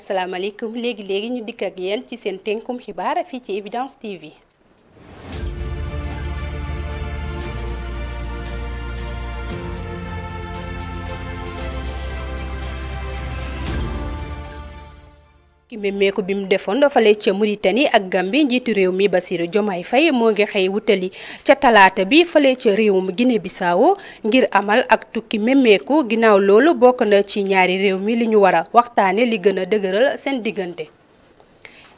asalaamaaleykum léegi léegi ñu dikk ak yéen ci seen tënkum xibaar fii ci Evidence TV. ki mémmeeku bi mu defoon fale ca Mauritanie ak gambi njiitu réew mi Bassirou Diomaye Faye moo ngi xëy wutali ca talaata bi fale ca réewum Guinée Bissau ngir amal ak tukki mémmeeku ginnaaw loolu bokk na ci ñaari réew mi li ñu war a waxtaane li gën a dëgëral seen diggante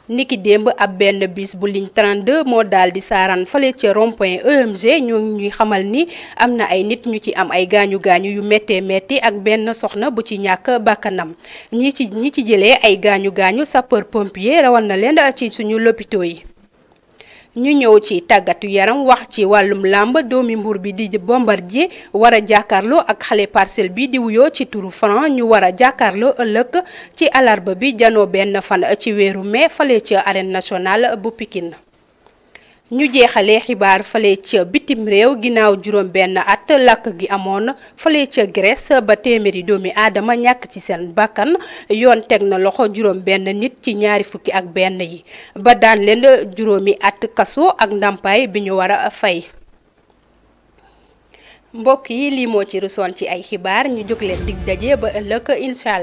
niki démb ab benn biss bu ligne 32 moo daal di saaraan fale ca rond-point EMG ñoo ngi ñuy xamal ni am na ay nit ñu ci am ay gaañu gaañu yu méttee métti ak benn soxna bu ci ñàkk bàkkanam ñi ci ñi ci jëlee ay gaañu gaañu sapeur pompier rawal na leen ci suñu lopito yi. ñu ñëw ci tàggatu yaram wax ci wàllum làmb doomi mbuur bi di bombardier war a jàkkaarloo ak xale parcelle bi di yoo ci turu franc ñu war a jàkkaarloo ëllëg ci alarba bi janoo benn fan ci weeru mai fale ci arène national bu Pikine ñu jeexale xibaar fale ca bitim réew ginaaw juróom benn at lakk gi amoon fale ca Grèce ba téeméeri doomi aadama ñàkk ci seen bakkan yoon teg na loxo juróom benn nit ci ñaari fukki ak benn yi ba daan leen juróomi at kaso ak ndàmpaay bi ñu war a fay mbokk yi lii moo ci rusoon ci ay xibaar ñu jóg leen dig daje ba ëllëg incha